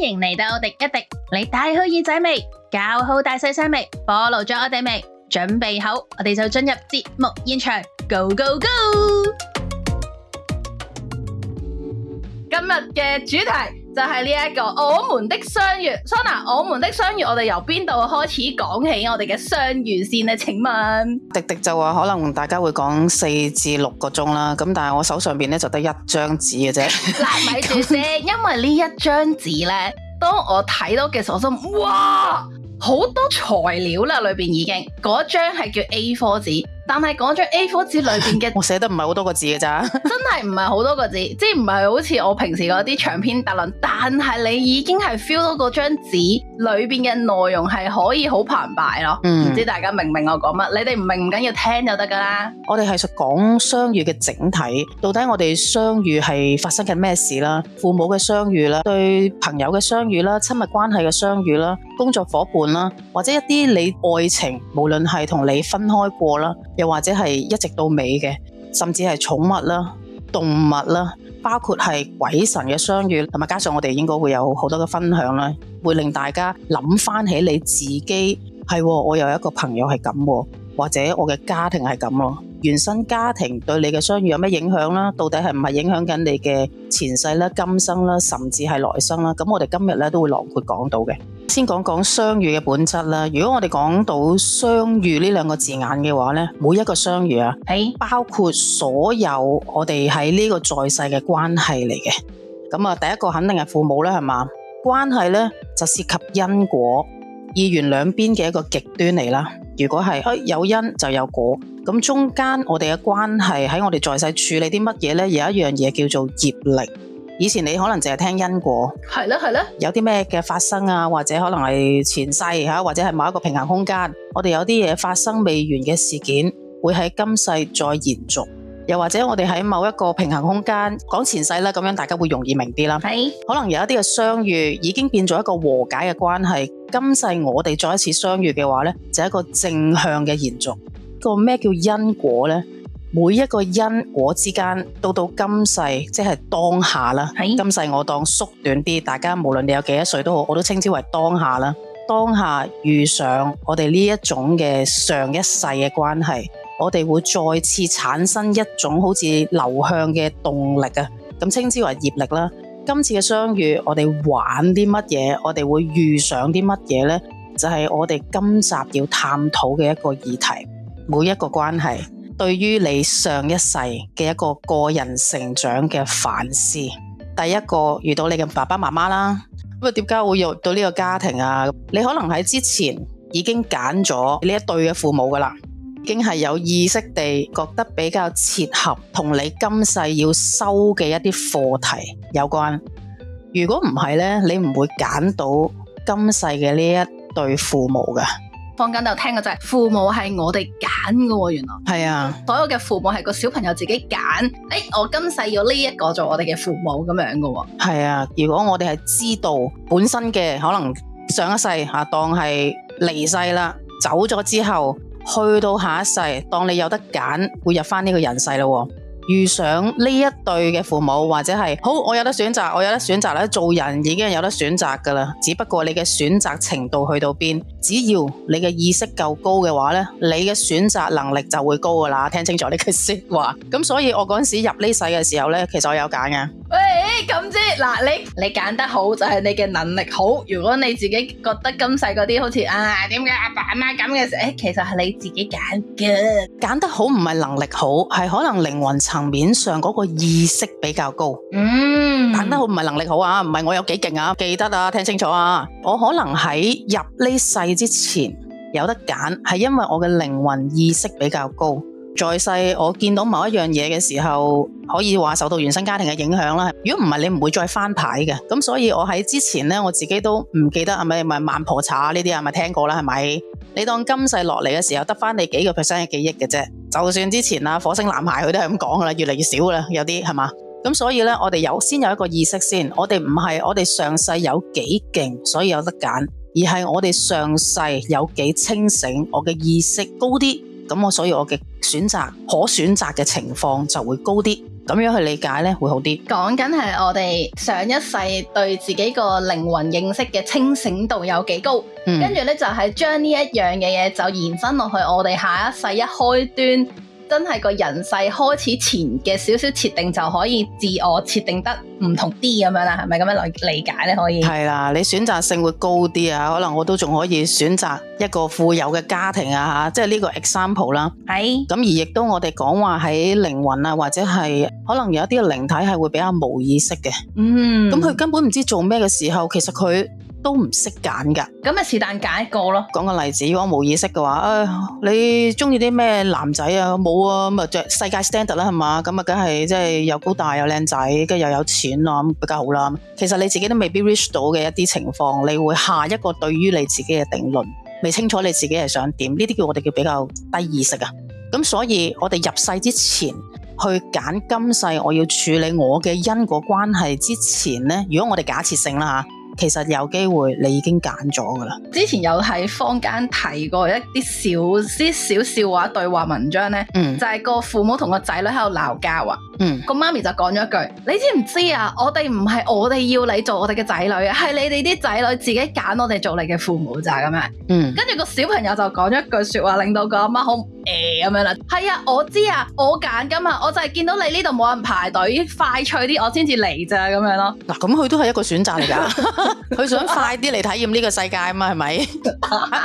歡迎嚟到廸一廸，你戴好耳仔未？搞好大細聲未？follow 咗我哋未？準備好，我哋就進入節目現場，Go Go Go！今日嘅主題。就係呢一個 Sona，我，們我們的相遇，Sona，我們的相遇，我哋由邊度開始講起？我哋嘅相遇先呢？請問，廸廸就話可能大家會講四至六個鐘啦，咁但係我手上邊咧就得一張紙嘅啫。嗱 、啊，咪住先，因為這一張紙呢一張紙咧，當我睇到嘅時候，我心諗，哇，好多材料啦，裏面已經嗰張係叫 A4 紙。但係嗰張 A4 紙裏邊嘅，我寫得唔係好多個字嘅咋，真係唔係好多個字，即係唔係好似我平時嗰啲長篇大論。但係你已經係 feel 到嗰張紙裏邊嘅內容係可以好澎湃咯。唔、嗯、知大家明唔明我講乜？你哋唔明唔緊要，聽就得噶啦。我哋係講相遇嘅整體，到底我哋相遇係發生緊咩事啦？父母嘅相遇啦，對朋友嘅相遇啦，親密關係嘅相遇啦，工作夥伴啦，或者一啲你愛情，無論係同你分開過啦。又或者係一直到尾嘅，甚至係寵物啦、動物啦，包括係鬼神嘅相遇，同埋加上我哋應該會有好多嘅分享啦，會令大家諗翻起你自己係，我有一個朋友係咁，或者我嘅家庭係咁咯。原生家庭對你嘅相遇有咩影響啦？到底係唔係影響緊你嘅前世啦、今生啦，甚至係來生啦？咁我哋今日咧都會囊括講到嘅。先講講相遇嘅本質啦。如果我哋講到相遇呢兩個字眼嘅話呢，每一個相遇啊，包括所有我哋喺呢個在世嘅關係嚟嘅。咁啊，第一個肯定係父母啦，係嘛？關係呢，就涉及因果，二元兩邊嘅一個極端嚟啦。如果係有因就有果，咁中間我哋嘅關係喺我哋在世處理啲乜嘢呢？有一樣嘢叫做業力。以前你可能淨係聽因果，係咧係咧，有啲咩嘅發生啊，或者可能係前世吓，或者係某一個平行空間，我哋有啲嘢發生未完嘅事件，會喺今世再延續，又或者我哋喺某一個平行空間講前世啦，咁樣大家會容易明啲啦。係的，可能有一啲嘅相遇已經變咗一個和解嘅關係，今世我哋再一次相遇嘅話咧，就係一個正向嘅延續。這個咩叫因果咧？每一個因果之間，到到今世，即係當下啦。是今世我當縮短啲，大家無論你有幾多歲都好，我都稱之為當下啦。當下遇上我哋呢一種嘅上一世嘅關係，我哋會再次產生一種好似流向嘅動力啊。咁稱之為業力啦。今次嘅相遇，我哋玩啲乜嘢？我哋會遇上啲乜嘢呢？就係、是、我哋今集要探討嘅一個議題，每一個關係。對於你上一世嘅一個個人成長嘅反思，第一個遇到你嘅爸爸媽媽啦，咁啊點解會遇到呢個家庭啊？你可能喺之前已經揀咗呢一對嘅父母噶啦，已經係有意識地覺得比較切合同你今世要修嘅一啲課題有關。如果唔係呢，你唔會揀到今世嘅呢一對父母噶。放緊就有聽嘅就係父母係我哋揀嘅喎，原來係啊、嗯，所有嘅父母係個小朋友自己揀，誒、哎，我今世要呢一個做我哋嘅父母咁樣嘅喎，係啊，如果我哋係知道本身嘅可能上一世吓、啊、當係離世啦，走咗之後去到下一世，當你有得揀會入翻呢個人世啦，遇上呢一對嘅父母或者係好，我有得選擇，我有得選擇啦，做人已經有得選擇噶啦，只不過你嘅選擇程度去到邊。只要你嘅意識夠高嘅話咧，你嘅選擇能力就會高㗎喇。聽清楚呢句説話。咁所以我嗰陣時入呢世嘅時候咧，其實我有揀嘅。喂，咁啫嗱你你揀得好就係你嘅能力好。如果你自己覺得今世嗰啲好似啊點解阿爸阿媽咁嘅時候，誒其實係你自己揀嘅。揀得好唔係能力好，係可能靈魂層面上嗰個意識比較高。嗯，揀得好唔係能力好啊，唔係我有幾勁啊。記得啊，聽清楚啊，我可能喺入呢世。之前有得揀，係因為我嘅靈魂意識比較高。在世我見到某一樣嘢嘅時候，可以話受到原生家庭嘅影響啦。如果唔係，你唔會再翻牌嘅。咁所以，我喺之前呢，我自己都唔記得係咪咪孟婆茶呢啲啊，係咪聽過啦，係咪？你當今世落嚟嘅時候，得翻你幾個 percent 嘅記憶嘅啫。就算之前啊，火星男孩佢都係咁講噶啦，越嚟越少噶啦，有啲係嘛。咁所以呢，我哋有先有一個意識先，我哋唔係我哋上世有幾勁，所以有得揀。而係我哋上世有幾清醒，我嘅意識高啲，咁我所以我嘅選擇可選擇嘅情況就會高啲，咁樣去理解呢會好啲。講緊係我哋上一世對自己個靈魂認識嘅清醒度有幾高，跟住、嗯、呢就係將呢一樣嘅嘢就延伸落去我哋下一世一開端。真係個人世開始前嘅少少設定就可以自我設定得唔同啲咁樣啦，係咪咁樣嚟理解咧？可以係啦，你選擇性會高啲啊，可能我都仲可以選擇一個富有嘅家庭啊嚇，即係呢個 example 啦。係。咁而亦都我哋講話喺靈魂啊，或者係可能有一啲靈體係會比較冇意識嘅。嗯。咁佢根本唔知做咩嘅時候，其實佢。都唔識揀噶，咁咪是但揀一個咯。講個例子，如果冇意識嘅話，誒，你中意啲咩男仔啊？冇啊，咪着世界 standard 啦，係嘛？咁啊，梗係即係又高大又靚仔，跟住又有錢啦，咁比較好啦。其實你自己都未必 reach 到嘅一啲情況，你會下一個對於你自己嘅定論未清楚，你自己係想點？呢啲叫我哋叫比較低意識啊。咁所以，我哋入世之前去揀今世我要處理我嘅因果關係之前呢，如果我哋假設性啦吓。其實有機會你已經揀咗噶啦。之前有喺坊間提過一啲小啲小笑話對話文章咧，嗯，就係個父母同個仔女喺度鬧交啊，嗯，個媽咪就講咗一句，你知唔知啊？我哋唔係我哋要你做我哋嘅仔女啊，係你哋啲仔女自己揀我哋做你嘅父母咋咁樣，嗯，跟住個小朋友就講咗一句說話，令到個阿媽好。誒咁、欸、樣啦，係啊，我知啊，我揀噶嘛，我就係見到你呢度冇人排隊，快脆啲，我先至嚟，咋咁樣咯。嗱，咁佢都係一個選擇嚟噶，佢想快啲嚟體驗呢個世界啊嘛，係咪？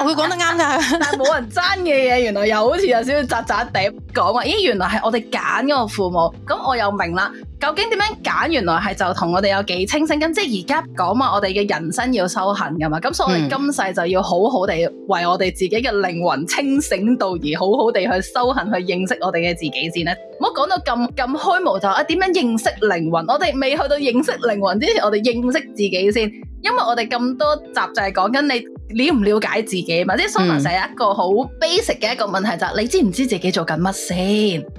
我會講得啱噶。但係冇人爭嘅嘢，原來又好似有少少扎扎地講話，咦，原來係我哋揀嗰個父母，咁我又明啦，究竟點樣揀？原來係就同我哋有幾清醒，咁即係而家講話，我哋嘅人生要修行噶嘛，咁所以我哋今世就要好好地為我哋自己嘅靈魂清醒到而好好哋去修行去認識我哋嘅自己先咧，唔好講到咁咁開模，就啊！點樣認識靈魂？我哋未去到認識靈魂之前，我哋認識自己先。因為我哋咁多集就係講緊你了唔了解自己嘛，即係蘇文成一個好 basic 嘅一個問題，就係你知唔知自己做緊乜先？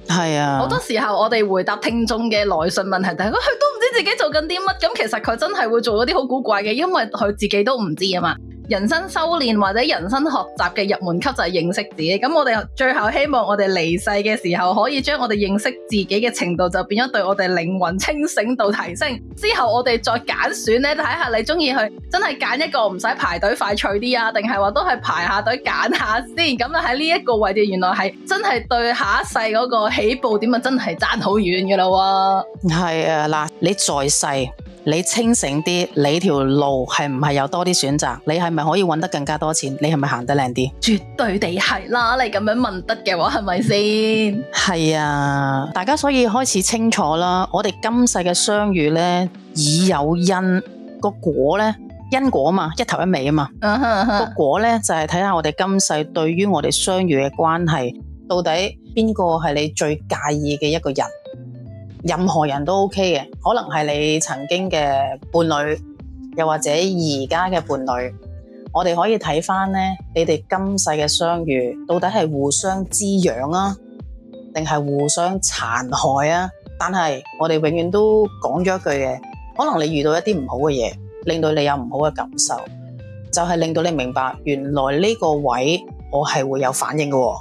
係啊，好多時候我哋回答聽眾嘅來信問題，但係佢都唔知自己做緊啲乜，咁其實佢真係會做咗啲好古怪嘅，因為佢自己都唔知啊嘛。人生修練或者人生學習嘅入門級就係認識自己，咁我哋最後希望我哋離世嘅時候可以將我哋認識自己嘅程度就變咗對我哋靈魂清醒度提升。之後我哋再揀選咧，睇下你中意去，真係揀一個唔使排隊快脆啲啊，定係話都係排下隊揀下先？咁啊喺呢一個位置，原來係真係對下一世嗰個起步點啊，真係爭好遠噶咯喎。係啊，嗱，你在世。你清醒啲，你條路係唔係有多啲選擇？你係咪可以揾得更加多錢？你係咪行得靚啲？絕對地係啦，你咁樣問得嘅話，係咪先？係 啊，大家所以開始清楚啦。我哋今世嘅相遇呢，已有因、個果呢，因果嘛，一頭一尾嘛。Uh huh huh. 個果呢，就係睇下我哋今世對於我哋相遇嘅關係，到底邊個係你最介意嘅一個人？任何人都 OK 嘅，可能係你曾經嘅伴侶，又或者而家嘅伴侶，我哋可以睇翻呢，你哋今世嘅相遇到底係互相滋養啊，定係互相殘害啊？但係我哋永遠都講咗一句嘅，可能你遇到一啲唔好嘅嘢，令到你有唔好嘅感受，就係、是、令到你明白，原來呢個位我係會有反應嘅、哦。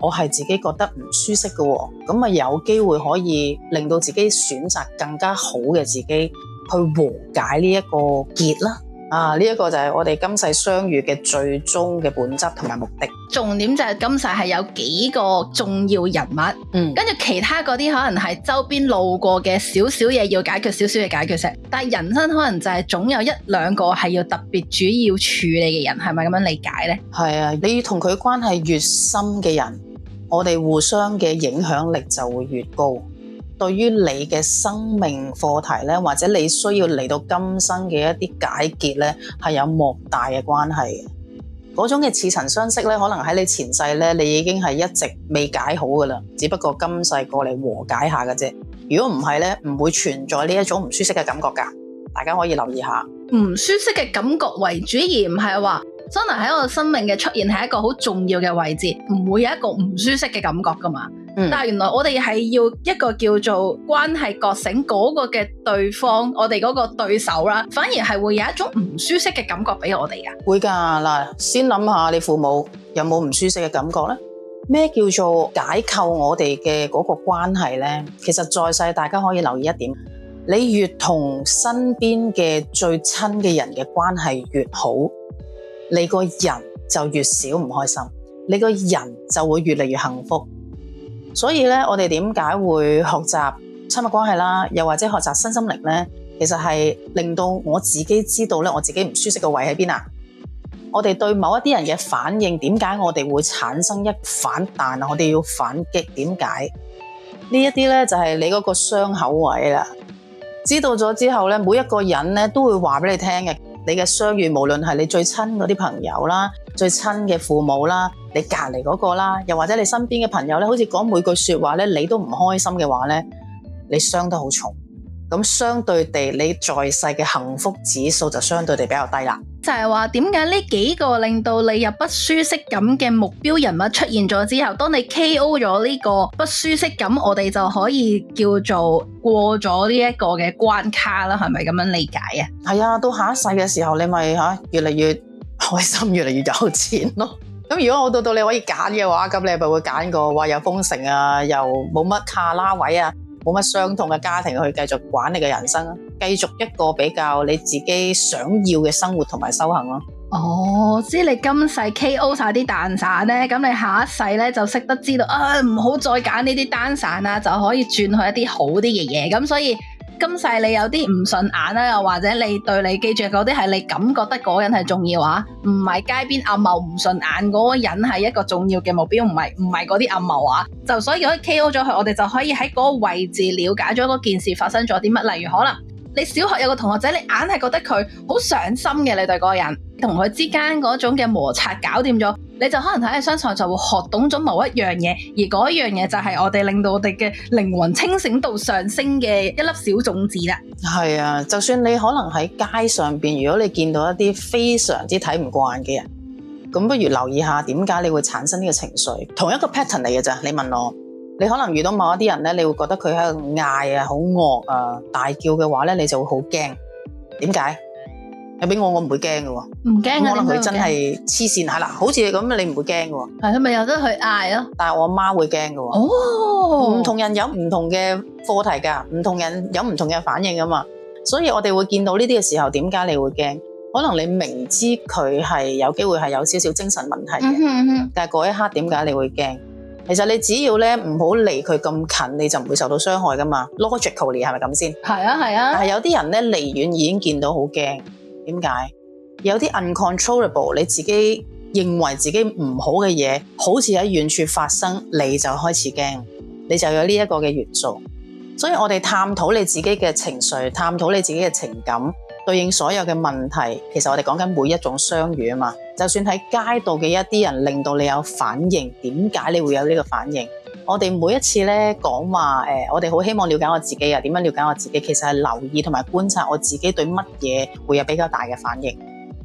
我係自己覺得唔舒適嘅喎，咁啊有機會可以令到自己選擇更加好嘅自己去和解呢一個結啦。啊，呢一個就係我哋今世相遇嘅最終嘅本質同埋目的。重點就係今世係有幾個重要人物，嗯，跟住其他嗰啲可能係周邊路過嘅少少嘢，要解決少少嘢解決石，但係人生可能就係總有一兩個係要特別主要處理嘅人，係咪咁樣理解呢？係啊，你要同佢關係越深嘅人。我哋互相嘅影響力就會越高，對於你嘅生命課題呢，或者你需要嚟到今生嘅一啲解結呢，係有莫大嘅關係嘅。嗰種嘅似曾相識呢，可能喺你前世呢，你已經係一直未解好㗎喇，只不過今世過嚟和解下㗎啫。如果唔係呢，唔會存在呢一種唔舒適嘅感覺㗎。大家可以留意下，唔舒適嘅感覺為主，而唔係話，真係喺我生命嘅出現係一個好重要嘅位置，唔會有一個唔舒適嘅感覺噶嘛。嗯、但係原來我哋係要一個叫做關係覺醒嗰、嗰個嘅對方，我哋嗰個對手啦，反而係會有一種唔舒適嘅感覺俾我哋噶。會噶，嗱，先諗下你父母有冇唔舒適嘅感覺咧？咩叫做解構我哋嘅嗰個關係咧？其實在世大家可以留意一點，你越同身邊嘅最親嘅人嘅關係越好，你個人就越少唔開心，你個人就會越嚟越幸福。所以咧，我哋點解會學習親密關係啦，又或者學習身心靈咧？其實係令到我自己知道咧，我自己唔舒適嘅位喺邊啊。我哋對某一啲人嘅反應，點解我哋會產生一反彈啊？我哋要反擊，點解呢一啲咧？就係你嗰個傷口位啦。知道咗之後咧，每一個人咧都會話俾你聽嘅。你嘅相遇，無論係你最親嗰啲朋友啦、最親嘅父母啦、你隔籬嗰個啦，又或者你身邊嘅朋友咧，好似講每句說話咧，你都唔開心嘅話咧，你傷得好重，咁相對地，你在世嘅幸福指數就相對地比較低啦。就係話點解呢幾個令到你有不舒適感嘅目標人物出現咗之後，當你 K.O. 咗呢個不舒適感，我哋就可以叫做過咗呢一個嘅關卡啦，係咪咁樣理解啊？係啊，到下一世嘅時候，你咪吓、啊、越嚟越開心，越嚟越有錢咯。咁 如果我到到你可以揀嘅話，咁你咪會揀個話又豐盛啊，又冇乜卡拉位啊，冇乜傷痛嘅家庭去繼續玩你嘅人生啊？繼續一個比較你自己想要嘅生活同埋修行咯。哦，即係你今世 K.O. 晒啲蛋散咧，咁你下一世咧就識得知道啊，唔好再揀呢啲蛋散啊，就可以轉去一啲好啲嘅嘢。咁所以今世你有啲唔順眼啦，又或者你對你記住嗰啲係你感覺得嗰人係重要啊，唔係街邊阿茂唔順眼嗰個人係一個重要嘅目標，唔係唔係嗰啲阿茂啊，就所以可以 K.O. 咗佢，我哋就可以喺嗰個位置了解咗嗰件事發生咗啲乜，例如可能。你小學有個同學仔，你硬係覺得佢好上心嘅，你對嗰個人，同佢之間嗰種嘅摩擦搞掂咗，你就可能喺佢身上就會學懂咗某一樣嘢，而嗰樣嘢就係我哋令到我哋嘅靈魂清醒度上升嘅一粒小種子啦。係啊，就算你可能喺街上邊，如果你見到一啲非常之睇唔慣嘅人，咁不如留意下點解你會產生呢個情緒，同一個 pattern 嚟嘅咋？你問我。你可能遇到某一啲人咧，你會覺得佢喺度嗌啊、好惡啊、大叫嘅話咧，你就會好驚。點解？你俾我我唔會驚嘅喎，唔驚啊！可能佢真係黐線吓啦，好似 你咁你唔會驚嘅喎。係佢咪有得去嗌咯？但係我媽會驚嘅喎。哦，唔同人有唔同嘅課題噶，唔同人有唔同嘅反應噶嘛。所以我哋會見到呢啲嘅時候，點解你會驚？可能你明知佢係有機會係有少少精神問題嘅，嗯嗯、但係嗰一刻點解你會驚？其實你只要咧唔好離佢咁近，你就唔會受到傷害㗎嘛。Logically 係咪咁先？係啊，係啊。啊但有啲人咧離遠已經見到好驚，點解？有啲 uncontrollable，你自己認為自己唔好嘅嘢，好似喺遠處發生，你就開始驚，你就有呢一個嘅元素。所以我哋探討你自己嘅情緒，探討你自己嘅情感。對應所有嘅問題，其實我哋講緊每一種相遇啊嘛。就算喺街道嘅一啲人令到你有反應，點解你會有呢個反應？我哋每一次呢講話誒、呃，我哋好希望了解我自己啊，點樣了解我自己？其實係留意同埋觀察我自己對乜嘢會有比較大嘅反應。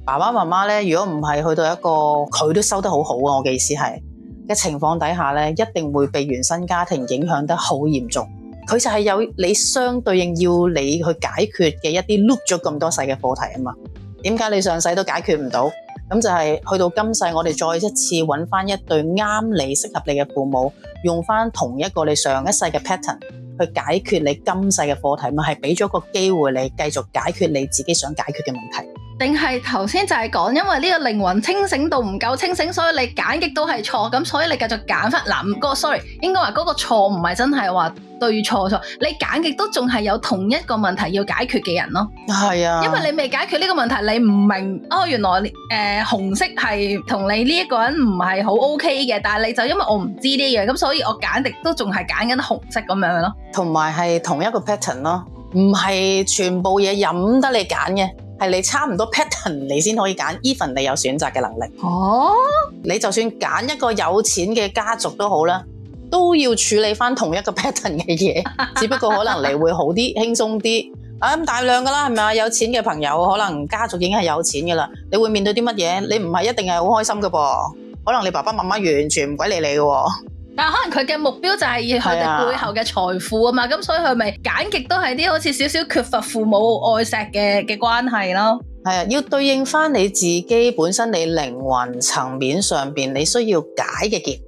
爸爸媽媽呢，如果唔係去到一個佢都收得好好啊，我嘅意思係，嘅情況底下呢，一定會被原生家庭影響得好嚴重。佢就係有你相對應要你去解決嘅一啲 loop 咗咁多世嘅課題啊嘛，點解你上世都解決唔到？咁就係去到今世，我哋再一次揾返一對啱你適合你嘅父母，用返同一個你上一世嘅 pattern 去解決你今世嘅課題，咪係俾咗個機會你繼續解決你自己想解決嘅問題。定係頭先就係講，因為呢個靈魂清醒度唔夠清醒，所以你揀極都係錯，咁所以你繼續揀翻嗱，唔、啊、該，sorry，應該話嗰個錯唔係真係話對錯錯，你揀極都仲係有同一個問題要解決嘅人咯，係啊，因為你未解決呢個問題，你唔明哦，原來誒、呃、紅色係同你呢一個人唔係好 OK 嘅，但係你就因為我唔知呢樣，咁所以我揀極都仲係揀緊紅色咁樣咯，同埋係同一個 pattern 咯，唔係全部嘢飲得你揀嘅。係你差唔多 pattern，你先可以揀 even，你有選擇嘅能力。哦、啊，你就算揀一個有錢嘅家族都好啦，都要處理返同一個 pattern 嘅嘢， 只不過可能你會好啲，輕鬆啲。咁、啊、大量噶啦，係咪啊？有錢嘅朋友可能家族已經係有錢噶啦，你會面對啲乜嘢？你唔係一定係好開心噶噃，可能你爸爸媽媽完全唔鬼理你噶喎。但可能佢嘅目標就係要佢哋背後嘅財富啊嘛，咁、啊、所以佢咪揀極都係啲好似少少缺乏父母愛錫嘅嘅關係咯。係啊，要對應翻你自己本身你靈魂層面上邊你需要解嘅結，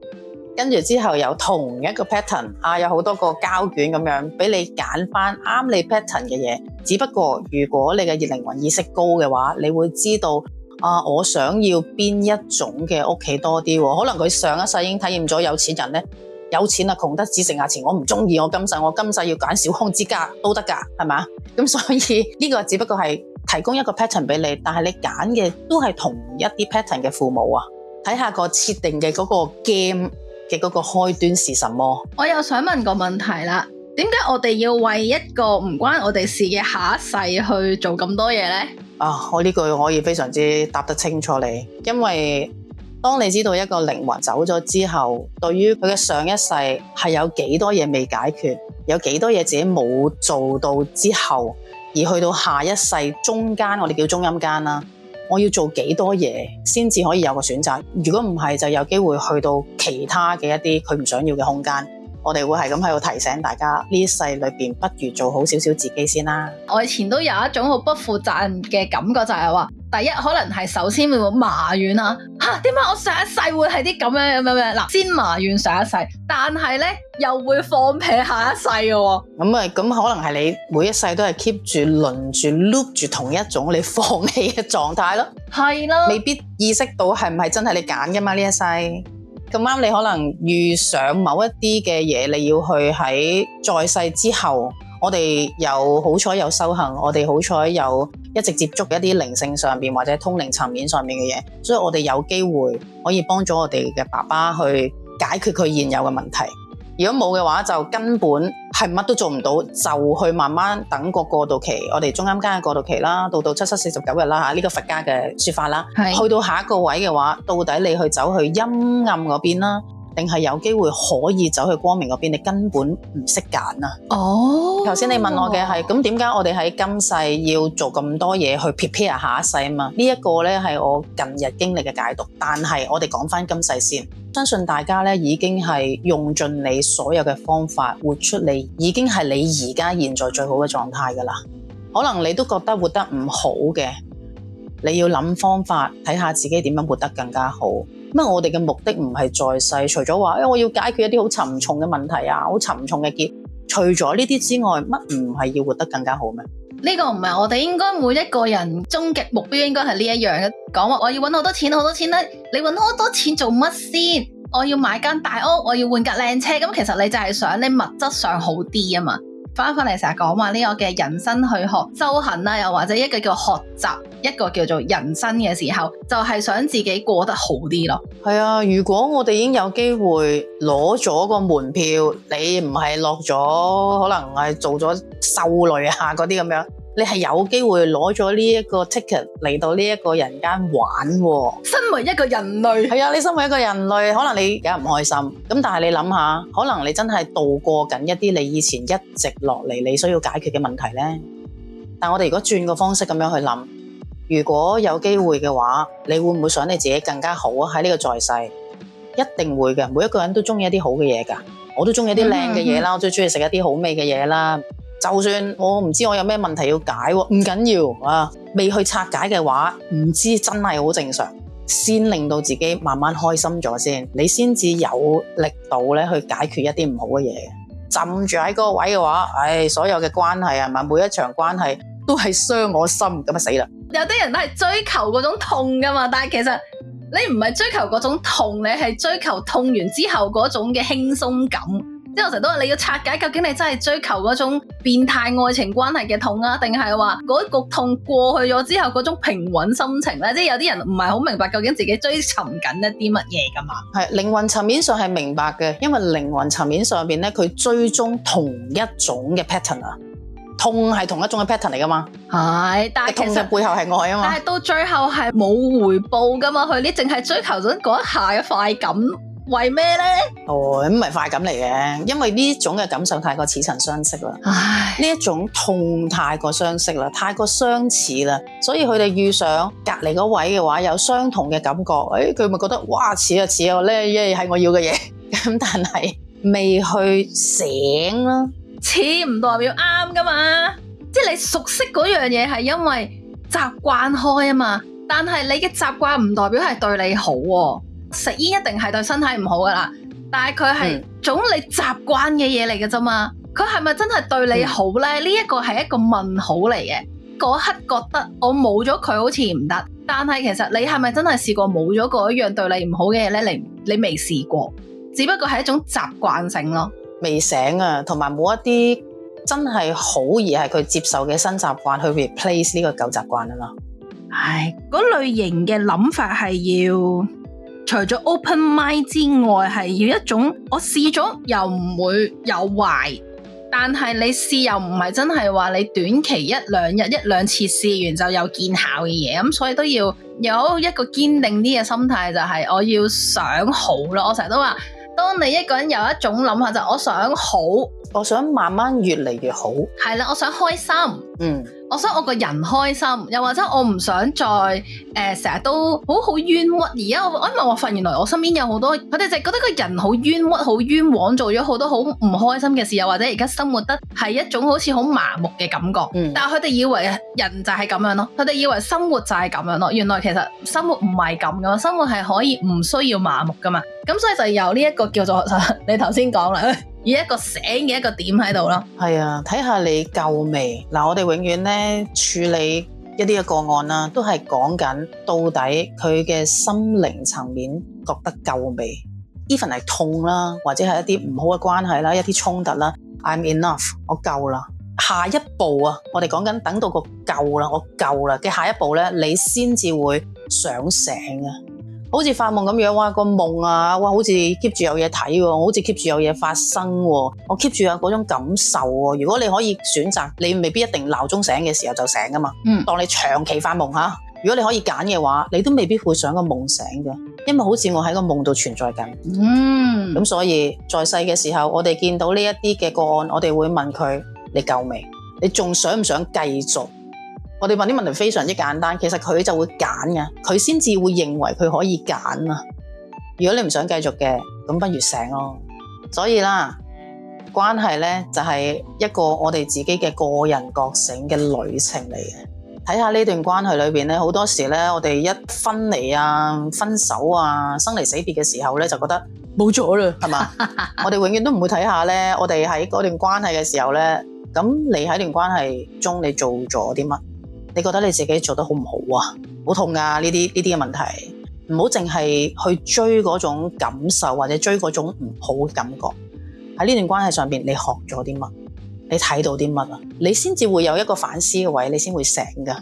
跟住之後有同一個 pattern 啊，有好多個膠卷咁樣俾你揀翻啱你 pattern 嘅嘢。只不過如果你嘅靈魂意識高嘅話，你會知道。啊！我想要邊一種嘅屋企多啲喎、哦？可能佢上一世已經體驗咗有錢人咧，有錢啦、啊，窮得只剩下錢。我唔中意我今世，我今世要揀小康之家都得㗎，係嘛？咁所以呢、這個只不過係提供一個 pattern 俾你，但係你揀嘅都係同一啲 pattern 嘅父母啊。睇下個設定嘅嗰個 game 嘅嗰個開端是什麼？我又想問個問題啦。點解我哋要為一個唔關我哋事嘅下一世去做咁多嘢呢？啊，我呢句可以非常之答得清楚你，因為當你知道一個靈魂走咗之後，對於佢嘅上一世係有幾多嘢未解決，有幾多嘢自己冇做到之後，而去到下一世中間，我哋叫中陰間啦，我要做幾多嘢先至可以有個選擇？如果唔係，就有機會去到其他嘅一啲佢唔想要嘅空間。我哋會係咁喺度提醒大家，呢一世裏面不如做好少少自己先啦。我以前都有一種好不負責任嘅感覺，就係、是、話，第一可能係首先會埋怨啦、啊，吓，點解我上一世會係啲咁樣咁先埋怨上一世，但係咧又會放屁下一世嘅喎。咁啊，咁、嗯嗯嗯嗯、可能係你每一世都係 keep 住輪住 loop 住同一種你放棄嘅狀態咯。係囉，未必意識到係唔係真係你揀嘅嘛呢一世。咁啱，你可能遇上某一啲嘅嘢，你要去喺在，在世之後，我哋又好彩有修行，我哋好彩有一直接觸一啲靈性上面或者通靈層面上面嘅嘢，所以我哋有機會可以幫助我哋嘅爸爸去解決佢現有嘅問題。如果冇嘅話，就根本係乜都做唔到，就去慢慢等個過渡期。我哋中間間嘅過渡期啦，到到七七四十九日啦，吓、這、呢個佛家嘅說法啦。是去到下一個位嘅話，到底你去走去陰暗嗰邊啦？定係有機會可以走去光明嗰邊，你根本唔識揀啊！哦，頭先你問我嘅係咁點解我哋喺今世要做咁多嘢去 prepare 下一世啊嘛？呢一個呢係我近日經歷嘅解讀，但係我哋講翻今世先，相信大家呢已經係用盡你所有嘅方法活出你已經係你而家現在最好嘅狀態㗎啦。可能你都覺得活得唔好嘅，你要諗方法睇下自己點樣活得更加好。乜我哋嘅目的唔係在世，除咗話、哎，我要解決一啲好沉重嘅問題啊，好沉重嘅結。除咗呢啲之外，乜唔係要活得更加好咩？呢個唔係我哋應該每一個人終極目標，應該係呢一樣嘅？講話我要揾好多錢，好多錢呢，你揾好多錢做乜先？我要買間大屋，我要換架靚車。咁、嗯、其實你就係想你物質上好啲啊嘛。返返嚟成日講話呢個嘅人生去學修行啦，又或者一個叫學習，一個叫做人生嘅時候，就係想自己過得好啲咯。係啊，如果我哋已經有機會攞咗個門票，你唔係落咗，可能係做咗受累啊嗰啲咁樣，你係有機會攞咗呢一個 ticket 嚟到呢一個人間玩喎。身為一個人類，係啊，你身為一個人類，可能你今日唔開心，咁但係你諗下，可能你真係度過緊一啲你以前一直落嚟你需要解決嘅問題咧。但係我哋如果轉個方式咁樣去諗，如果有機會嘅話，你會唔會想你自己更加好啊，喺呢個在世？一定會嘅。每一個人都中意一啲好嘅嘢㗎，我都中意一啲靚嘅嘢啦，我最中意食一啲好味嘅嘢啦。就算我唔知我有咩問題要解喎，唔緊要啊，未去拆解嘅話，唔知真係好正常。先令到自己慢慢開心咗先，你先至有力度去解決一啲唔好嘅嘢嘅。浸住喺嗰個位嘅話，哎，所有嘅關係啊，咪每一場關係都係傷我心，咁啊死啦！有啲人都係追求嗰種痛㗎嘛，但係其實你唔係追求嗰種痛，你係追求痛完之後嗰種嘅輕鬆感。之後成日都話你要拆解，究竟你真係追求嗰種變態愛情關係嘅痛啊，定係話嗰局痛過去咗之後嗰種平穩心情咧？即係有啲人唔係好明白究竟自己追尋緊一啲乜嘢噶嘛？係靈魂層面上係明白嘅，因為靈魂層面上邊咧，佢追蹤同一種嘅 pattern 啊，痛係同一種嘅 pattern 嚟噶嘛？係，但係痛嘅背後係愛啊嘛，但係到最後係冇回報噶嘛，佢你淨係追求咗嗰一下嘅快感。為咩呢？哦，咁咪快感嚟嘅，因為呢種嘅感受太過似曾相識啦。唉，呢一種痛太過相識啦，太過相似啦，所以佢哋遇上隔籬嗰位嘅話，有相同嘅感覺，誒、哎，佢咪覺得哇，似啊似啊，咧耶、啊，係我要嘅嘢。咁但係未去醒咯，似唔代表啱噶嘛？即係你熟悉嗰樣嘢係因為習慣開啊嘛，但係你嘅習慣唔代表係對你好、啊。食煙一定係對身體唔好噶啦，但係佢係種你習慣嘅嘢嚟嘅啫嘛。佢係咪真係對你好咧？呢一個係一個問號嚟嘅。嗰刻覺得我冇咗佢好似唔得，但係其實你係咪真係試過冇咗嗰一樣對你唔好嘅嘢咧？你你未試過，只不過係一種習慣性咯，未醒啊，同埋冇一啲真係好而係佢接受嘅新習慣去 replace 呢個舊習慣啊嘛。唉，嗰類型嘅諗法係要除咗 open mind 之外，係要一種我試咗又唔會有壞，但係你試又唔係真係話你短期一兩日一兩次試完就有見效嘅嘢，咁、嗯、所以都要有一個堅定啲嘅心態，就係、是、我要想好咯。我成日都話，當你一個人有一種諗法就是、我想好，我想慢慢越嚟越好，係啦，我想開心，嗯。我想我個人開心，又或者我唔想再誒成日都好好冤屈。而家我因為我發現，原來我身邊有好多，佢哋就係覺得個人好冤屈、好冤枉，做咗好多好唔開心嘅事，又或者而家生活得係一種好似好麻木嘅感覺。嗯、但係佢哋以為人就係咁樣咯，佢哋以為生活就係咁樣咯。原來其實生活唔係咁噶，生活係可以唔需要麻木噶嘛。咁所以就由呢一個叫做你頭先講啦。 以一個醒嘅一個點喺度咯，係啊，睇下你夠未嗱？我哋永遠呢，處理一啲嘅個案啦，都係講緊到底佢嘅心靈層面覺得夠未？Even 係痛啦，或者係一啲唔好嘅關係啦，一啲衝突啦，I'm enough，我夠啦。下一步啊，我哋講緊等到個夠啦，我夠啦嘅下一步呢，你先至會想醒啊。好似發夢咁樣，哇、個夢啊，哇好似 keep 住有嘢睇喎，我好似 keep 住有嘢發生喎，我 keep 住有嗰種感受喎。如果你可以選擇，你未必一定鬧鐘醒嘅時候就醒噶嘛。嗯。當你長期發夢嚇，如果你可以揀嘅話，你都未必會想個夢醒嘅，因為好似我喺個夢度存在緊。嗯。咁所以，在世嘅時候，我哋見到呢一啲嘅個案，我哋會問佢：你夠未？你仲想唔想繼續？我哋問啲問題非常之簡單，其實佢就會揀嘅，佢先至會認為佢可以揀啊。如果你唔想繼續嘅，咁不如醒咯。所以啦，關係咧就係一個我哋自己嘅個人覺醒嘅旅程嚟嘅。睇下呢段關係裏邊咧，好多時咧，我哋一分離啊、分手啊、生離死別嘅時候咧，就覺得冇咗啦，係嘛？我哋永遠都唔會睇下咧，我哋喺嗰段關係嘅時候咧，咁你喺段關係中你做咗啲乜？你覺得你自己做得好唔好啊？好痛㗎，呢啲呢啲嘅問題，唔好淨係去追嗰種感受或者追嗰種唔好嘅感覺。喺呢段關係上面，你學咗啲乜？你睇到啲乜？你先至會有一個反思嘅位，你先會醒㗎。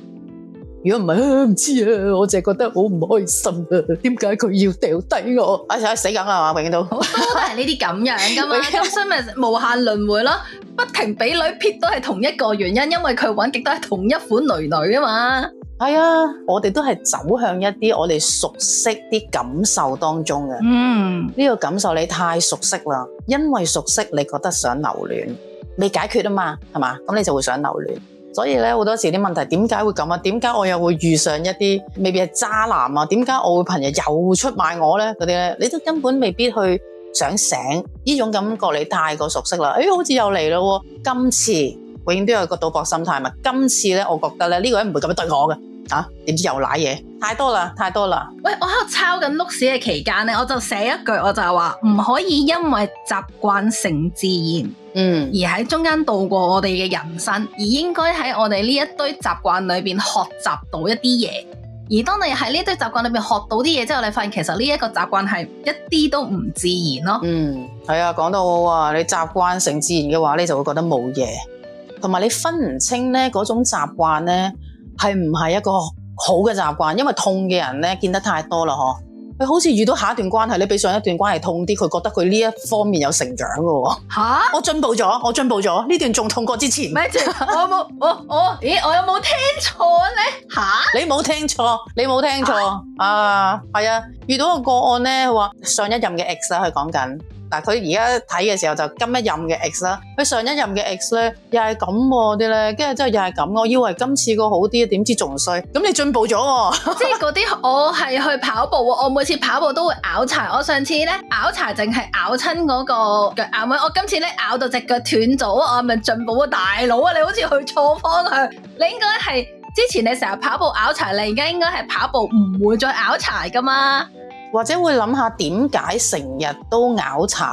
如果唔係，唔知啊！我淨係覺得好唔開心啊！點解佢要掉低我？哎呀死梗啊嘛，永遠都都係呢啲咁樣噶嘛。咁所以咪無限輪回咯，不停俾女撇都係同一個原因，因為佢揾極都係同一款女女啊嘛。係啊，我哋都係走向一啲我哋熟悉啲感受當中嘅。嗯，呢個感受你太熟悉啦，因為熟悉你覺得想留戀，未解決啊嘛，係嘛，咁你就會想留戀。所以呢，好多時啲問題點解會咁啊？點解我又會遇上一啲未必係渣男啊？點解我會朋友又出賣我呢？嗰啲咧，你都根本未必去想醒，呢種感覺你太過熟悉啦。誒、哎，好似又嚟咯喎，今次永遠都有個賭博心態嘛。今次呢，我覺得咧，呢、呢個人唔會咁樣對我嘅。吓，啊，點知又瀨嘢太多啦，太多啦！喂，我喺度抄緊碌屎嘅期間咧，我就寫一句，我就係話唔可以因為習慣成自然，嗯，而喺中間度過我哋嘅人生，而應該喺我哋呢一堆習慣裏邊學習到一啲嘢。而當你喺呢堆習慣裏邊學到啲嘢之後，你發現其實呢一個習慣係一啲都唔自然咯。嗯，係啊，講得好啊，你習慣成自然嘅話，你就會覺得冇嘢，同埋你分唔清咧嗰種習慣咧。係唔係一個好嘅習慣？因為痛嘅人咧，見得太多啦，嗬！好似遇到下一段關係，你比上一段關係痛啲，佢覺得佢呢一方面有成長嘅蛤。我進步咗，我進步咗，呢段仲痛過之前。咩啫等？ 我冇，我我，咦？我有冇聽錯？蛤你吓？你冇聽錯，你冇聽錯啊？係啊，遇到個個案咧，話上一任嘅 X 佢講緊。但佢而家睇嘅時候就今一任嘅 X 啦，佢上一任嘅 X 咧又係咁啲咧，跟住真係又係咁嘅。我以為今次個好啲，點知仲衰。咁你進步咗喎，啊，即係嗰啲我係去跑步，我每次跑步都會拗柴。我上次呢，拗柴淨係拗親嗰個腳，我今次呢，拗到隻腳斷咗啊！咪進步啊，大佬啊！你好似去錯方向，你應該係之前你成日跑步拗柴，你而家應該係跑步唔會再拗柴噶嘛？或者會諗下點解成日都拗柴？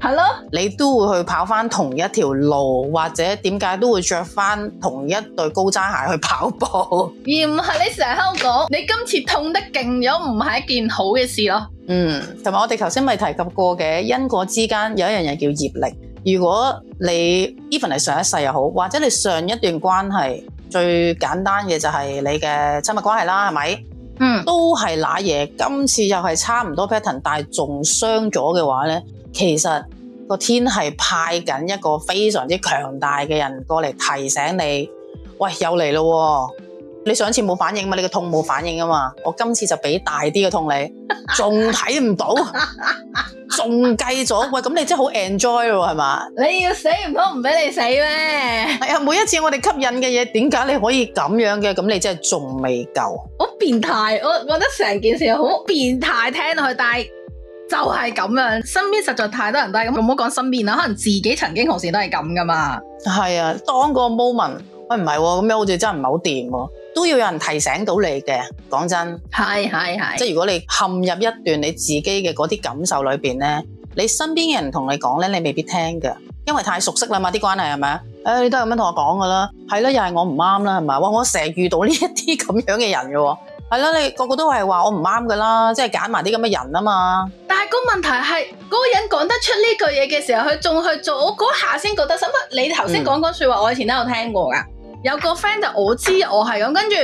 係咯，你都會去跑翻同一條路，或者點解都會着翻同一對高踭鞋去跑步，而唔係你成日喺度講，你今次痛得勁咗，唔係一件好嘅事咯。嗯，同埋我哋頭先咪提及過嘅因果之間有一樣嘢叫業力，如果你 even 係上一世又好，或者你上一段關係，最簡單嘅就係你嘅親密關係啦，係咪？嗯，都係那嘢，今次又係差唔多 pattern，但係仲傷咗嘅話呢，其實個天係派緊一個非常之強大嘅人過嚟提醒你，喂，又嚟咯啊！你上次冇反應嘛？你個痛冇反應啊嘛？我今次就俾大啲嘅痛你，仲睇唔到。 仲計咗喂，咁你真係好 enjoy 咯係嘛？你要死唔通唔俾你死咩？係啊，每一次我哋吸引嘅嘢，點解你可以咁樣嘅？咁你真係仲未夠，好變態！我覺得成件事好變態，聽落去，但係就係咁樣。身邊實在太多人，但係咁唔好講身邊啦。可能自己曾經同時都係咁噶嘛。係啊，當個 moment，喂、哎、唔係咁樣，啊、好似真係唔係好掂喎。都要有人提醒到你嘅，講真係係係，即係如果你陷入一段你自己嘅嗰啲感受裏邊咧，你身邊嘅人同你講咧，你未必聽噶，因為太熟悉啦嘛，啲關係係咪啊？誒、哎，你都係咁樣同我講噶啦，係啦，又係我唔啱啦係咪？哇，我成日遇到呢一啲咁樣嘅人嘅喎，係啦，你個個都係話我唔啱噶啦，即係揀埋啲咁嘅人啊嘛。但係個問題係，嗰、那個人講得出呢句嘢嘅時候，佢仲去做我嗰下先覺得，使乜？你頭先講嗰說話，嗯、我以前都有聽過噶。有個 friend 就我知我係咁，跟住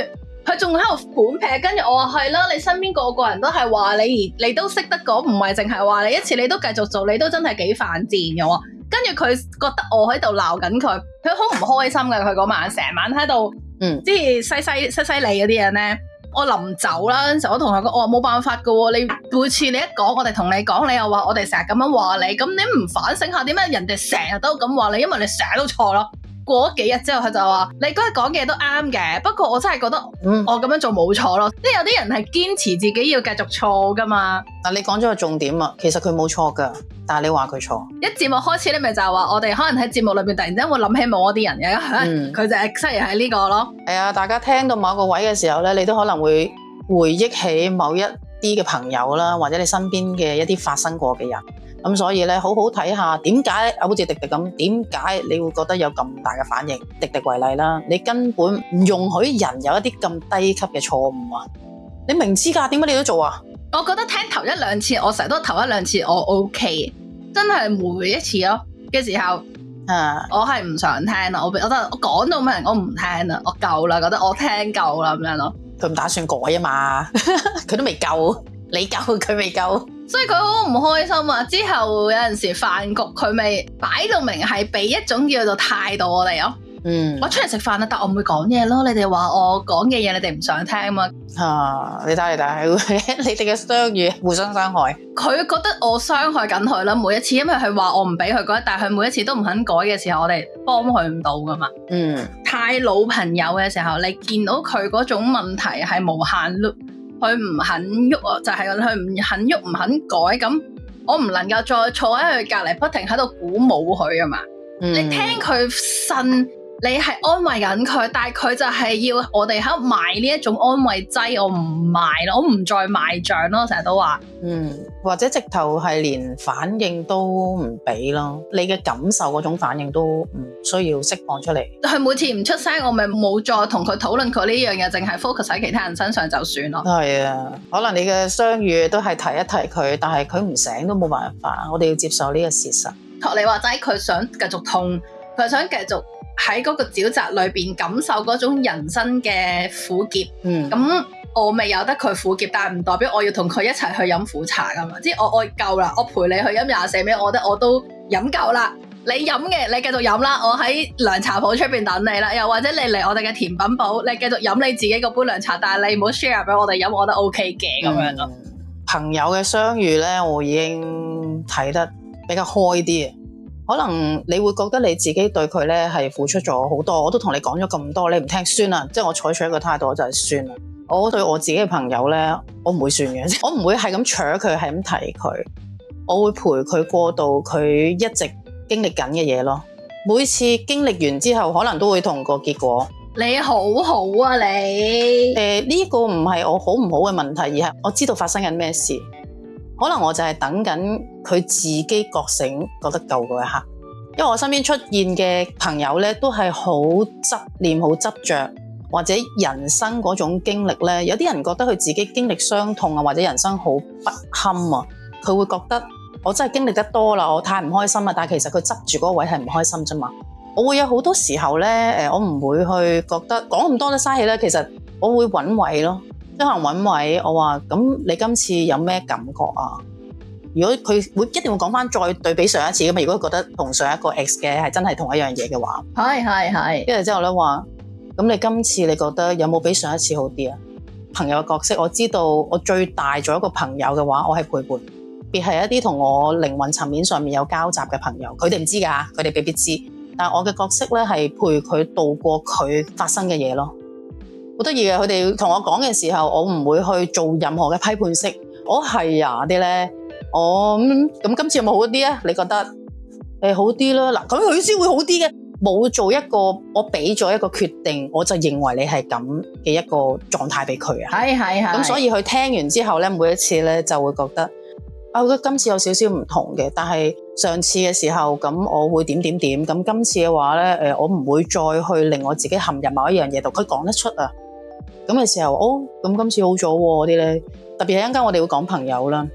佢仲喺度盤劈，跟住我話係囉，你身邊個個人都係話你，你都識得講，唔係淨係話你一次，你都繼續做，你都真係幾犯賤嘅喎。跟住佢覺得我喺度鬧緊佢，佢好唔開心㗎。佢嗰晚成晚喺度，嗯，即係犀犀犀犀利嗰啲人咧。我臨走啦嗰陣我同佢講，我話冇、哦、辦法嘅喎，你每次你一講，我哋同你講，你又話我哋成日咁樣話你，咁你唔反省下點解人哋成日都咁話你，因為你成日都錯咯。過咗幾日之後，佢就話：你嗰日講嘅嘢都啱嘅，不過我真係覺得我咁樣做冇錯咯。嗯、即係有啲人係堅持自己要繼續錯噶嘛。嗱、啊，你講咗個重點啊，其實佢冇錯噶，但係你話佢錯。一節目開始咧，咪就係話我哋可能喺節目裏邊突然之間會諗起某啲人嘅，佢、嗯、就係喺呢個咯。係啊、哎，大家聽到某個位嘅時候咧，你都可能會回憶起某一啲嘅朋友啦，或者你身邊嘅一啲發生過嘅人。咁所以咧，好好睇下點解好似迪迪咁，點解你會覺得有咁大嘅反應？迪迪為例啦，你根本唔容許人有一啲咁低級嘅錯誤啊！你明知㗎，點解你都做啊？我覺得聽頭一兩次，我成日都頭一兩次，我 OK，真係每一次咯嘅時候，誒、啊，我係唔想聽啦，我我我講到咩我唔聽啦，我夠啦，覺得我聽夠啦咁樣咯，佢唔打算改啊嘛，佢 都未夠，你夠，佢未夠。所以佢好唔開心啊！之後有陣時飯局，佢咪擺到明係俾一種叫做態度我哋咯、啊。嗯，我出嚟食飯啦，但我唔會講嘢咯。你哋話我講嘅嘢你哋唔想聽嘛？吓、啊，你睇你睇，你哋嘅相遇互相傷害。佢覺得我傷害緊佢啦，每一次因為佢話我唔俾佢改，但係佢每一次都唔肯改嘅時候，我哋幫佢唔到噶嘛。嗯，太老朋友嘅時候，你見到佢嗰種問題係無限 loop。佢唔肯喐啊，就係佢唔肯喐，唔肯改咁，我唔能夠再坐喺佢隔籬，不停喺度鼓舞佢啊嘛，嗯、你係聽佢呻。 你係安慰緊佢，但係佢就係要我哋喺度買呢一種安慰劑，我唔買咯，我唔再買賬咯，成日都話，嗯，或者直頭係連反應都唔俾咯，你嘅感受嗰種反應都唔需要釋放出嚟。佢每次唔出聲，我咪冇再同佢討論過呢樣嘢，淨係 focus 喺其他人身上就算咯。係啊，可能你嘅相遇都係提一提佢，但係佢唔醒都冇辦法，我哋要接受呢個事實。托你話齋，佢想繼續痛，佢想繼續。喺嗰個沼澤裏邊感受嗰種人生嘅苦澀，咁、嗯、我未有得佢苦澀，但係唔代表我要同佢一齊去飲苦茶噶嘛。即係我我夠啦，我陪你去飲廿四味，我覺得我都飲夠啦。你飲嘅你繼續飲啦，我喺涼茶鋪出邊等你啦。又或者你嚟我哋嘅甜品鋪，你繼續飲你自己個杯涼茶，但係你唔好 share 俾我哋飲，我覺得 OK 嘅咁樣咯。朋友嘅相遇咧，我已經睇得比較開啲。可能你會覺得你自己對佢咧係付出咗好多，我都同你講咗咁多，你唔聽算啦，即係我採取一個態度，我就係算啦。我對我自己嘅朋友咧，我唔會算嘅， 我唔會係咁扯佢，係咁提佢，我會陪佢過渡佢一直經歷緊嘅嘢咯。每次經歷完之後，可能都會同個結果。你好好啊你，誒呢、呃這個唔係我好唔好嘅問題，而係我知道發生緊咩事，可能我就係等緊。佢自己覺醒，覺得夠嗰一刻。因為我身邊出現嘅朋友咧，都係好執念、好執着，或者人生嗰種經歷咧，有啲人覺得佢自己經歷傷痛啊，或者人生好不堪啊，佢會覺得我真係經歷得多啦，我太唔開心啦。但係其實佢執住嗰位係唔開心啫嘛。我會有好多時候咧，誒，我唔會去覺得講咁多都嘥氣啦。其實我會揾位咯，即可能揾位。我話：咁你今次有咩感覺啊？如果佢會一定會講返再對比上一次㗎嘛，如果佢覺得同上一個 ex 嘅係真係同一樣嘢嘅話，係係係。跟住之後咧話，咁你今次你覺得有冇比上一次好啲啊？朋友嘅角色，我知道我最大咗一個朋友嘅話，我係陪伴，別係一啲同我靈魂層面上面有交集嘅朋友，佢哋唔知㗎，佢哋未必知。但係我嘅角色咧係陪佢度過佢發生嘅嘢咯。好得意嘅，佢哋同我講嘅時候，我唔會去做任何嘅批判式，我係啊啲咧。哦，咁咁今次有冇好啲啊？你覺得誒好啲啦？嗱，咁佢先會好啲嘅，冇做一個我俾咗一個決定，我就認為你係咁嘅一個狀態俾佢啊。係係係。咁所以佢聽完之後咧，每一次咧就會覺得啊，佢今次有少少唔同嘅，但係上次嘅時候咁我會點點點，咁今次嘅話咧誒，我唔會再去令我自己陷入某一樣嘢度。佢講得出啊，咁嘅時候哦，咁今次好早喎嗰啲咧，特別係一陣間我哋會講朋友啦。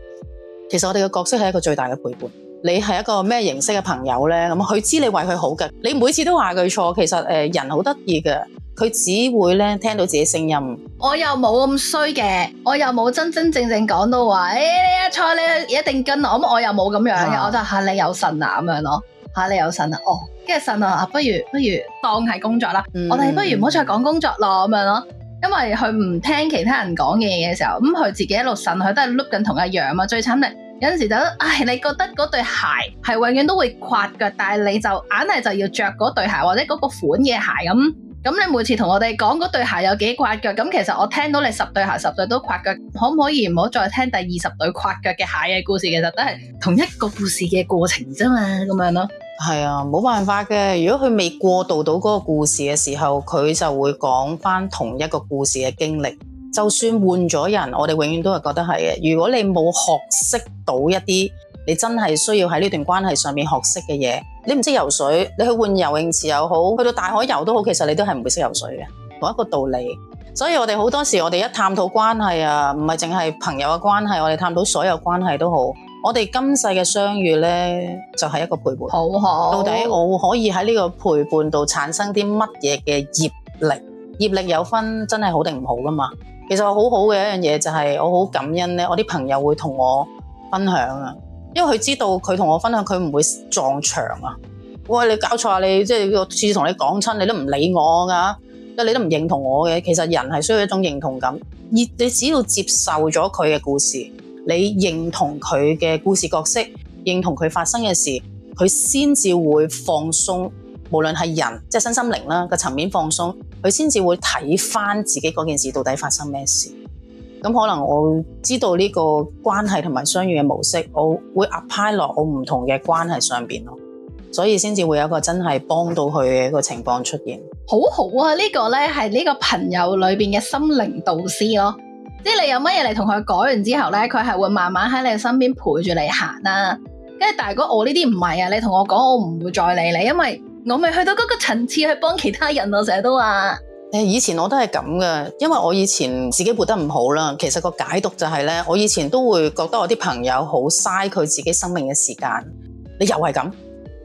其實我哋嘅角色係一個最大嘅陪伴，你係一個咩形式嘅朋友呢？咁、嗯、佢知道你為佢好嘅，你每次都話佢錯。其實、呃、人好得意嘅，佢只會咧聽到自己聲音。我又冇咁衰嘅，我又冇真真正正講到話誒，一錯咧一定跟我咁，我又冇咁樣嘅，啊、我就吓、啊、你有神啊咁樣咯，吓、啊、你有神啊哦，跟住神啊，不如不如當係工作啦。嗯、我哋不如唔好再講工作咯咁樣咯。因為佢唔聽其他人講嘢嘅時候，咁、嗯、佢自己一路信佢都係碌緊同一樣啊嘛。最慘就係有陣時就，唉、哎，你覺得嗰對鞋係永遠都會刮腳，但係你就硬係就要着嗰對鞋或者嗰個款嘅鞋咁。咁你每次同我哋講嗰對鞋有幾刮腳，咁其實我聽到你十對鞋十對都刮腳，可唔可以唔好再聽第二十對刮腳嘅鞋嘅故事？其實都係同一個故事嘅過程啫嘛，咁樣咯。係啊，冇辦法嘅。如果佢未過渡到嗰個故事嘅時候，佢就會講翻同一個故事嘅經歷。就算換咗人，我哋永遠都係覺得係嘅。如果你冇學識到一啲你真係需要喺呢段關係上面學識嘅嘢，你唔識游水，你去換游泳池又好，去到大海游都好，其實你都係唔會識游水嘅，同一個道理。所以我哋好多時，我哋一探討關係啊，唔係淨係朋友嘅關係，我哋探討所有關係都好。我哋今世嘅相遇呢，就係一個陪伴。好好！到底我可以喺呢個陪伴度產生啲乜嘢嘅業力？業力有分真係好定唔好噶嘛？其實好好嘅一樣嘢就係我好感恩呢。我啲朋友會同我分享啊，因為佢知道佢同我分享，佢唔會撞牆啊。喂，你搞錯啊！你即係次次同你講親，你都唔理我噶，即係你都唔認同我嘅。其實人係需要一種認同感，而你只要接受咗佢嘅故事。你認同佢嘅故事角色，認同佢發生嘅事，佢先至會放鬆，無論係人即係、就是、身心靈啦嘅層面放鬆，佢先至會睇返自己嗰件事到底發生咩事。咁可能我知道呢個關係同埋相遇嘅模式，我會 apply 落我唔同嘅關係上面咯，所以先至會有一個真係幫到佢嘅一個情況出現。好好啊，這個、呢個咧係呢個朋友裏面嘅心靈導師咯、哦。即係你有乜嘢嚟同佢講完之後咧，佢係會慢慢喺你身邊陪住你行啦、啊。跟住大哥，我呢啲唔係啊。你同我講，我唔會再理你，因為我未去到嗰個層次去幫其他人。我成日都話誒，以前我都係咁噶，因為我以前自己活得唔好啦。其實個解讀就係、是、咧，我以前都會覺得我啲朋友好嘥佢自己生命嘅時間。你又係咁，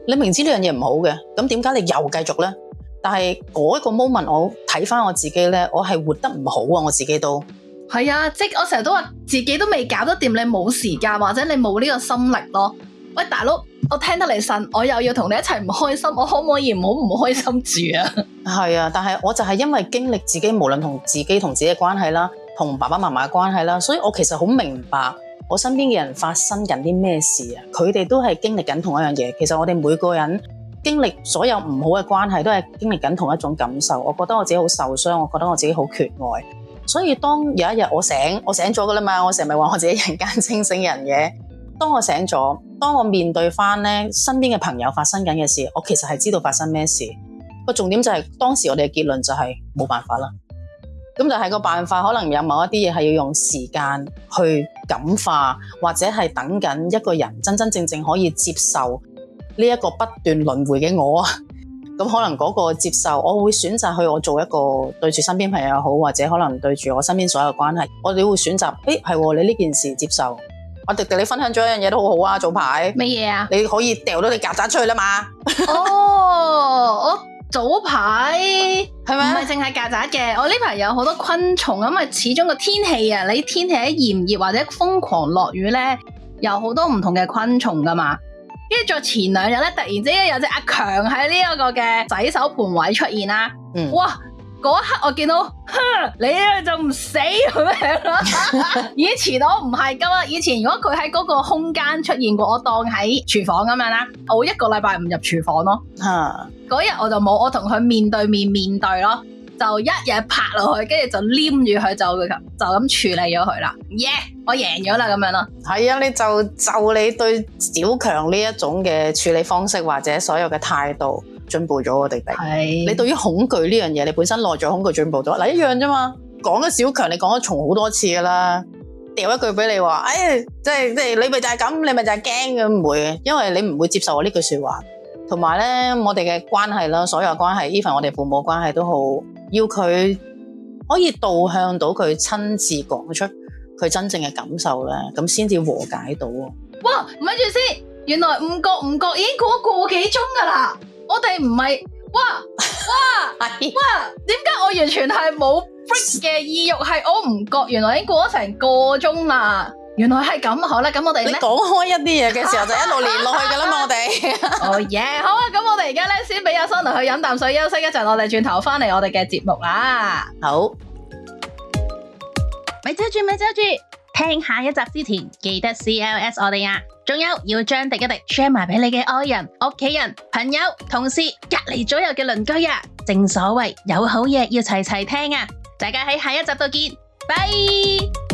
你明知呢樣嘢唔好嘅，咁點解你又繼續咧？但係嗰個 moment，我睇翻我自己咧，我係活得唔好啊，我自己都。係啊，即我成日都話自己都未搞得掂，你冇時間或者你冇呢個心力咯。喂，大佬，我聽得你信，我又要同你一齊唔開心，我可唔可以唔好唔開心住啊？係啊，但係我就係因為經歷自己，無論同自己同自己嘅關係啦，同爸爸媽媽嘅關係啦，所以我其實好明白我身邊嘅人發生緊啲咩事啊。佢哋都係經歷緊同一樣嘢。其實我哋每個人經歷所有唔好嘅關係，都係經歷緊同一種感受。我覺得我自己好受傷，我覺得我自己好缺愛。所以當有一日我醒，我醒咗㗎喇嘛，我成日咪話我自己人間清醒的人嘅。當我醒咗，當我面對返呢身邊嘅朋友發生緊嘅事，我其實係知道發生咩事。個重點就係、是、當時我哋嘅結論就係、是、冇辦法啦。咁就係個辦法可能有某一啲嘢係要用時間去感化，或者係等緊一個人真真正正可以接受呢一個不斷輪迴嘅我。咁可能嗰個接受，我會選擇去我做一個對住身邊朋友也好，或者可能對住我身邊所有的關係，我都會選擇，誒係喎，你呢件事接受，我廸廸你分享咗一樣嘢都好好啊，早排咩嘢啊？麼你可以掉咗你曱甴出去啦嘛，哦 哦？哦，我早排係咪？唔係淨係曱甴嘅，我呢排有好多昆蟲，因為始終個天氣啊，你天氣喺炎熱或者瘋狂落雨咧，有好多唔同嘅昆蟲噶嘛。跟住再前兩日咧，突然之間有隻阿強喺呢一個嘅洗手盆位出現啦、啊。嗯、哇！嗰一刻我見到，哼，你咧就唔死咁樣咯。 以前我唔係咁啊，以前如果佢喺嗰個空間出現過，我當喺廚房咁樣啦。我一個禮拜唔入廚房咯。嗰日、啊、我就冇，我同佢面對面面對咯。就一嘢拍落去，跟住就黏住佢就佢，就咁處理咗佢啦。耶、yeah,！我贏咗啦，咁樣咯。係啊，你就就你對小強呢一種嘅處理方式或者所有嘅態度進步咗廸廸。係。你對於恐懼呢樣嘢，你本身內在恐懼進步咗，嗱一樣啫嘛。講咗小強，你講咗重好多次噶啦，掉一句俾你話，哎，即係即係你咪就係咁，你咪就係驚嘅，唔會，因為你唔會接受我呢句説話。同埋咧，我哋嘅關係啦，所有關係，even 我哋父母關係都好，要佢可以導向到佢親自講出佢真正嘅感受咧，咁先至和解到。哇！唔係住先，原來唔覺唔覺已經過咗個幾鐘噶啦，我哋唔係哇哇哇，點解 我完全係冇 break 嘅意欲？係我唔覺，原來已經過咗成個鐘啦。原來係咁，好啦，咁我哋咧，你講開一啲嘢嘅時候，啊、就一路連落去噶啦嘛，我哋。哦耶，好啊，咁我哋而家咧先俾阿 Sona 去飲啖水休息一陣，我哋轉頭返嚟我哋嘅節目啦。好，咪遮住，咪遮住，聽下一集之前記得 C L S 我哋呀，啊。仲有，要將廸一廸 share 埋俾你嘅愛人、屋企人、朋友、同事、隔籬左右嘅鄰居啊。正所謂有好嘢要齊齊聽啊，大家喺下一集度見，拜。